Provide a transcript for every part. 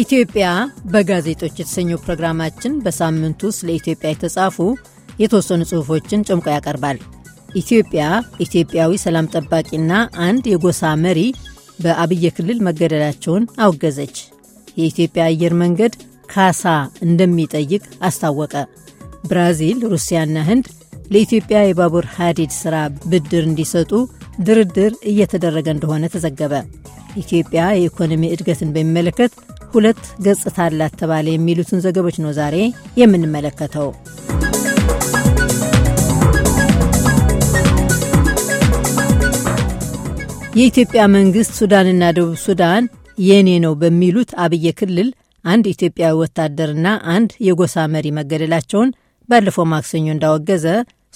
ኢትዮጵያ በጋዜጦች የተሰኘው ፕሮግራማችን በሳምንት ውስጥ ለኢትዮጵያ የተጻፉ የተወሰኑ ጽሑፎችን ጨምቆ ያቀርባል። ኢትዮጵያ፣ ኢትዮጵያዊ ሰላም ጠባቂና አንድ የጎሳ መሪ በአብየ ክልል መገደላቸውን አውገዘች የኢትዮጵያ አየር መንገድ ካሳ እንደሚጠይቅ አስታወቀ። ብራዚል፣ ሩሲያና ህንድ ለኢትዮጵያ የባቡር ሀዲድ ሥራ ብድር እንዲሰጡ ድርድር እየተደረገ እንደሆነ ተዘገበ። ኢትዮጵያ የኢኮኖሚ እድገትን በሚመለከት ሁለት ገጽታ አላት ተባለ የሚሉትን ዘገቦች ነው ዛሬ የምንመለከተው። የኢትዮጵያ መንግስት ሱዳንና ደቡብ ሱዳን የኔ ነው በሚሉት አብየ ክልል አንድ ኢትዮጵያዊ ወታደርና አንድ የጎሳ መሪ መገደላቸውን ባለፈው ማክሰኞ እንዳወገዘ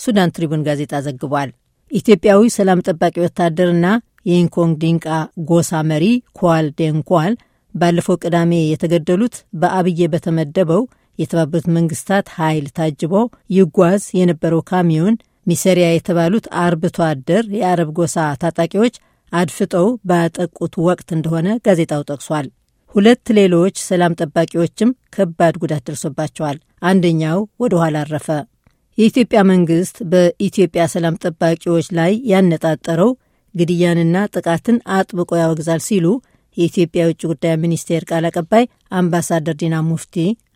ሱዳን ትሪቡን ጋዜጣ ዘግቧል። ኢትዮጵያዊ ሰላም ጠባቂ ወታደርና የኢንኮንግ ዲንቃ ጎሳ መሪ ኳል ዴንኳል ባለፈው ቅዳሜ የተገደሉት በአብዬ በተመደበው የተባበሩት መንግስታት ኃይል ታጅቦ ይጓዝ የነበረው ካሚዮን ሚሰሪያ የተባሉት አርብቶ አደር የአረብ ጎሳ ታጣቂዎች አድፍጠው ባጠቁት ወቅት እንደሆነ ጋዜጣው ጠቅሷል። ሁለት ሌሎች ሰላም ጠባቂዎችም ከባድ ጉዳት ደርሶባቸዋል። አንደኛው ወደ ኋላ አረፈ። የኢትዮጵያ መንግስት በኢትዮጵያ ሰላም ጠባቂዎች ላይ ያነጣጠረው ግድያንና ጥቃትን አጥብቆ ያወግዛል ሲሉ የኢትዮጵያ የውጭ ጉዳይ ሚኒስቴር ቃል አቀባይ አምባሳደር ዲና ሙፍቲ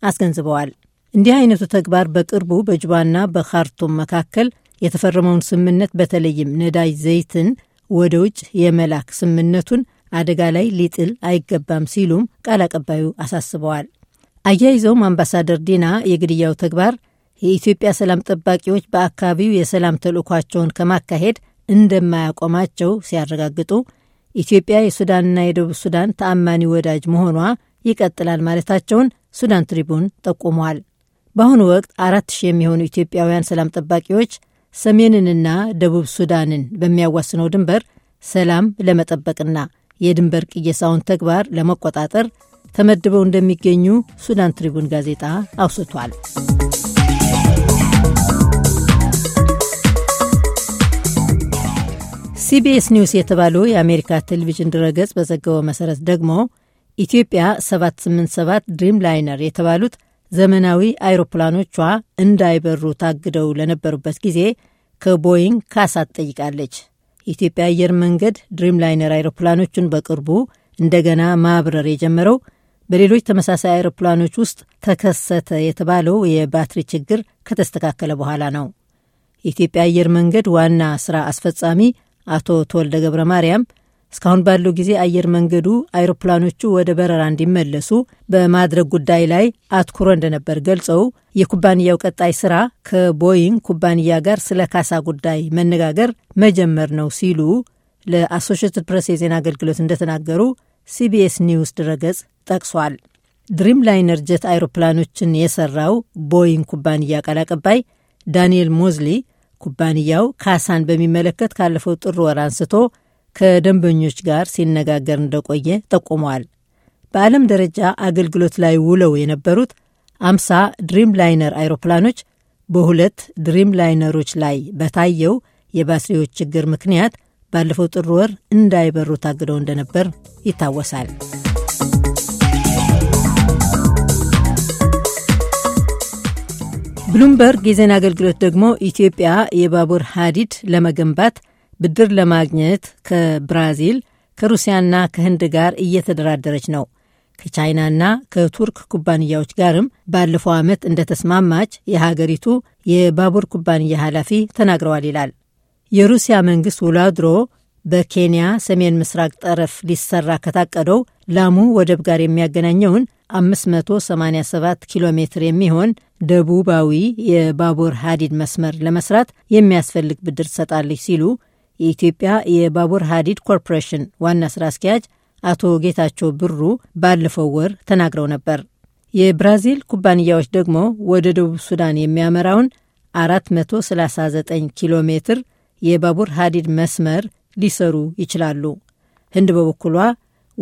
አስገንዝበዋል። እንዲህ አይነቱ ተግባር በቅርቡ በጁባና በካርቱም መካከል የተፈረመውን ስምምነት በተለይም ነዳጅ ዘይትን ወደ ውጭ የመላክ ስምምነቱን አደጋ ላይ ሊጥል አይገባም ሲሉም ቃል አቀባዩ አሳስበዋል። አያይዘውም አምባሳደር ዲና የግድያው ተግባር የኢትዮጵያ ሰላም ጠባቂዎች በአካባቢው የሰላም ተልእኳቸውን ከማካሄድ እንደማያቆማቸው ሲያረጋግጡ ኢትዮጵያ የሱዳንና የደቡብ ሱዳን ተአማኒ ወዳጅ መሆኗ ይቀጥላል ማለታቸውን ሱዳን ትሪቡን ጠቁመዋል። በአሁኑ ወቅት አራት ሺህ የሚሆኑ ኢትዮጵያውያን ሰላም ጠባቂዎች ሰሜንንና ደቡብ ሱዳንን በሚያዋስነው ድንበር ሰላም ለመጠበቅና የድንበር ቅየሳውን ተግባር ለመቆጣጠር ተመድበው እንደሚገኙ ሱዳን ትሪቡን ጋዜጣ አውስቷል። ሲቢኤስ ኒውስ የተባለው የአሜሪካ ቴሌቪዥን ድረገጽ በዘገበው መሰረት ደግሞ ኢትዮጵያ 787 ድሪም ላይነር የተባሉት ዘመናዊ አይሮፕላኖቿ እንዳይበሩ ታግደው ለነበሩበት ጊዜ ከቦይንግ ካሳ ትጠይቃለች። የኢትዮጵያ አየር መንገድ ድሪም ላይነር አይሮፕላኖቹን በቅርቡ እንደገና ማብረር የጀመረው በሌሎች ተመሳሳይ አይሮፕላኖች ውስጥ ተከሰተ የተባለው የባትሪ ችግር ከተስተካከለ በኋላ ነው። የኢትዮጵያ አየር መንገድ ዋና ስራ አስፈጻሚ አቶ ተወልደ ገብረ ማርያም እስካሁን ባለው ጊዜ አየር መንገዱ አይሮፕላኖቹ ወደ በረራ እንዲመለሱ በማድረግ ጉዳይ ላይ አትኩሮ እንደነበር ገልጸው የኩባንያው ቀጣይ ስራ ከቦይንግ ኩባንያ ጋር ስለ ካሳ ጉዳይ መነጋገር መጀመር ነው ሲሉ ለአሶሽትድ ፕሬስ የዜና አገልግሎት እንደተናገሩ ሲቢኤስ ኒውስ ድረገጽ ጠቅሷል። ድሪም ላይነር ጀት አይሮፕላኖችን የሰራው ቦይንግ ኩባንያ ቃል አቀባይ ዳንኤል ሞዝሊ ኩባንያው ካሳን በሚመለከት ካለፈው ጥር ወር አንስቶ ከደንበኞች ጋር ሲነጋገር እንደቆየ ጠቁመዋል። በዓለም ደረጃ አገልግሎት ላይ ውለው የነበሩት አምሳ ድሪም ላይነር አይሮፕላኖች በሁለት ድሪም ላይነሮች ላይ በታየው የባትሪዎች ችግር ምክንያት ባለፈው ጥር ወር እንዳይበሩ ታግደው እንደነበር ይታወሳል። ብሉምበርግ የዜና አገልግሎት ደግሞ ኢትዮጵያ የባቡር ሀዲድ ለመገንባት ብድር ለማግኘት ከብራዚል ከሩሲያና ከህንድ ጋር እየተደራደረች ነው። ከቻይናና ከቱርክ ኩባንያዎች ጋርም ባለፈው ዓመት እንደተስማማች የሀገሪቱ የባቡር ኩባንያ ኃላፊ ተናግረዋል ይላል። የሩሲያ መንግሥት ውሎ አድሮ በኬንያ ሰሜን ምስራቅ ጠረፍ ሊሰራ ከታቀደው ላሙ ወደብ ጋር የሚያገናኘውን 587 ኪሎ ሜትር የሚሆን ደቡባዊ የባቡር ሀዲድ መስመር ለመስራት የሚያስፈልግ ብድር ትሰጣለች ሲሉ የኢትዮጵያ የባቡር ሀዲድ ኮርፖሬሽን ዋና ስራ አስኪያጅ አቶ ጌታቸው ብሩ ባለፈው ወር ተናግረው ነበር። የብራዚል ኩባንያዎች ደግሞ ወደ ደቡብ ሱዳን የሚያመራውን 439 ኪሎ ሜትር የባቡር ሀዲድ መስመር ሊሰሩ ይችላሉ። ህንድ በበኩሏ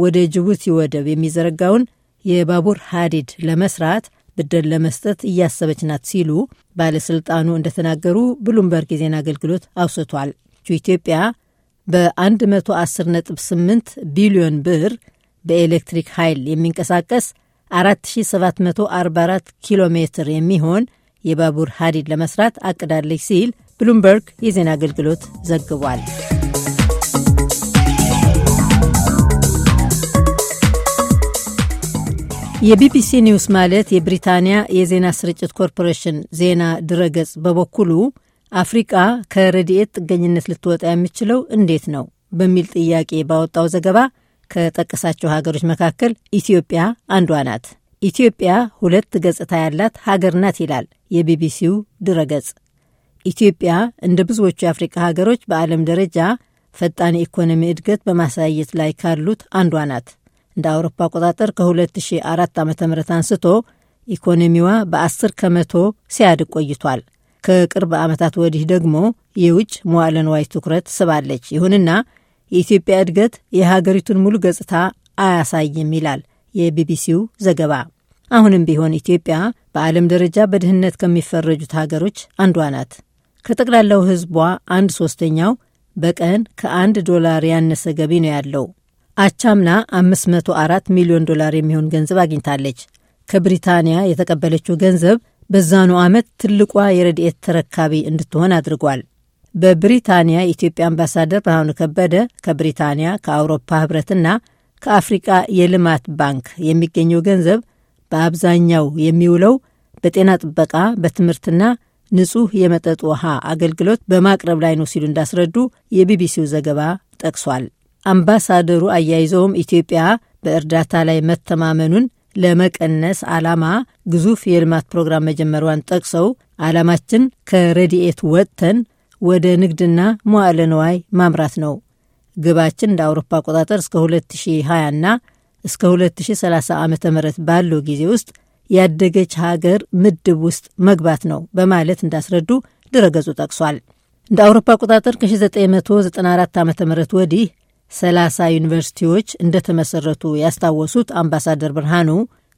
ወደ ጅቡቲ ወደብ የሚዘረጋውን የባቡር ሀዲድ ለመስራት ብድር ለመስጠት እያሰበች ናት ሲሉ ባለስልጣኑ እንደተናገሩ ብሉምበርግ የዜና አገልግሎት አውስቷል። ኢትዮጵያ በ110.8 ቢሊዮን ብር በኤሌክትሪክ ኃይል የሚንቀሳቀስ 4744 ኪሎ ሜትር የሚሆን የባቡር ሀዲድ ለመስራት አቅዳለች ሲል ብሉምበርግ የዜና አገልግሎት ዘግቧል። የቢቢሲ ኒውስ ማለት የብሪታንያ የዜና ስርጭት ኮርፖሬሽን ዜና ድረገጽ በበኩሉ አፍሪቃ ከረድኤት ጥገኝነት ልትወጣ የምችለው እንዴት ነው በሚል ጥያቄ ባወጣው ዘገባ ከጠቀሳቸው ሀገሮች መካከል ኢትዮጵያ አንዷ ናት። ኢትዮጵያ ሁለት ገጽታ ያላት ሀገር ናት ይላል የቢቢሲው ድረገጽ። ኢትዮጵያ እንደ ብዙዎቹ የአፍሪቃ ሀገሮች በዓለም ደረጃ ፈጣን የኢኮኖሚ እድገት በማሳየት ላይ ካሉት አንዷ ናት። እንደ አውሮፓ አቆጣጠር ከ2004 ዓ ም አንስቶ ኢኮኖሚዋ በ10 ከመቶ ሲያድግ ቆይቷል። ከቅርብ ዓመታት ወዲህ ደግሞ የውጭ መዋለ ንዋይ ትኩረት ስባለች። ይሁንና የኢትዮጵያ እድገት የሀገሪቱን ሙሉ ገጽታ አያሳይም ይላል የቢቢሲው ዘገባ። አሁንም ቢሆን ኢትዮጵያ በዓለም ደረጃ በድህነት ከሚፈረጁት ሀገሮች አንዷ ናት። ከጠቅላላው ሕዝቧ አንድ ሶስተኛው በቀን ከአንድ ዶላር ያነሰ ገቢ ነው ያለው። አቻምና 504 ሚሊዮን ዶላር የሚሆን ገንዘብ አግኝታለች። ከብሪታንያ የተቀበለችው ገንዘብ በዛኑ ዓመት ትልቋ የረድኤት ተረካቢ እንድትሆን አድርጓል። በብሪታንያ የኢትዮጵያ አምባሳደር ብርሃኑ ከበደ ከብሪታንያ ከአውሮፓ ህብረትና ከአፍሪቃ የልማት ባንክ የሚገኘው ገንዘብ በአብዛኛው የሚውለው በጤና ጥበቃ፣ በትምህርትና ንጹህ የመጠጥ ውሃ አገልግሎት በማቅረብ ላይ ነው ሲሉ እንዳስረዱ የቢቢሲው ዘገባ ጠቅሷል። አምባሳደሩ አያይዘውም ኢትዮጵያ በእርዳታ ላይ መተማመኑን ለመቀነስ ዓላማ ግዙፍ የልማት ፕሮግራም መጀመሯን ጠቅሰው ዓላማችን ከረድኤት ወጥተን ወደ ንግድና መዋዕለ ንዋይ ማምራት ነው። ግባችን እንደ አውሮፓ አቆጣጠር እስከ 2020 እና እስከ 2030 ዓ ም ባለው ጊዜ ውስጥ ያደገች ሀገር ምድብ ውስጥ መግባት ነው በማለት እንዳስረዱ ድረገጹ ጠቅሷል። እንደ አውሮፓ አቆጣጠር ከ1994 ዓ ም ወዲህ ሰላሳ ዩኒቨርሲቲዎች እንደተመሰረቱ ያስታወሱት አምባሳደር ብርሃኑ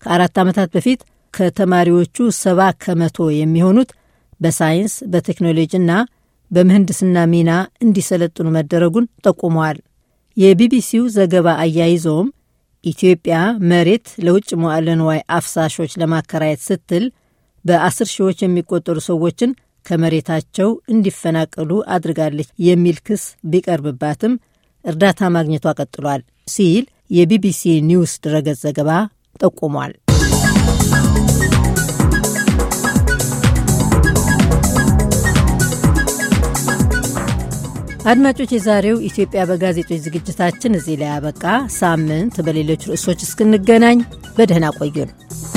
ከአራት ዓመታት በፊት ከተማሪዎቹ ሰባ ከመቶ የሚሆኑት በሳይንስ በቴክኖሎጂና በምህንድስና ሚና እንዲሰለጥኑ መደረጉን ጠቁመዋል። የቢቢሲው ዘገባ አያይዞም ኢትዮጵያ መሬት ለውጭ መዋዕለ ንዋይ አፍሳሾች ለማከራየት ስትል በአስር ሺዎች የሚቆጠሩ ሰዎችን ከመሬታቸው እንዲፈናቀሉ አድርጋለች የሚል ክስ ቢቀርብባትም እርዳታ ማግኘቷ ቀጥሏል ሲል የቢቢሲ ኒውስ ድረገጽ ዘገባ ጠቁሟል። አድማጮች፣ የዛሬው ኢትዮጵያ በጋዜጦች ዝግጅታችን እዚህ ላይ ያበቃ። ሳምንት በሌሎች ርዕሶች እስክንገናኝ በደህና ቆዩን።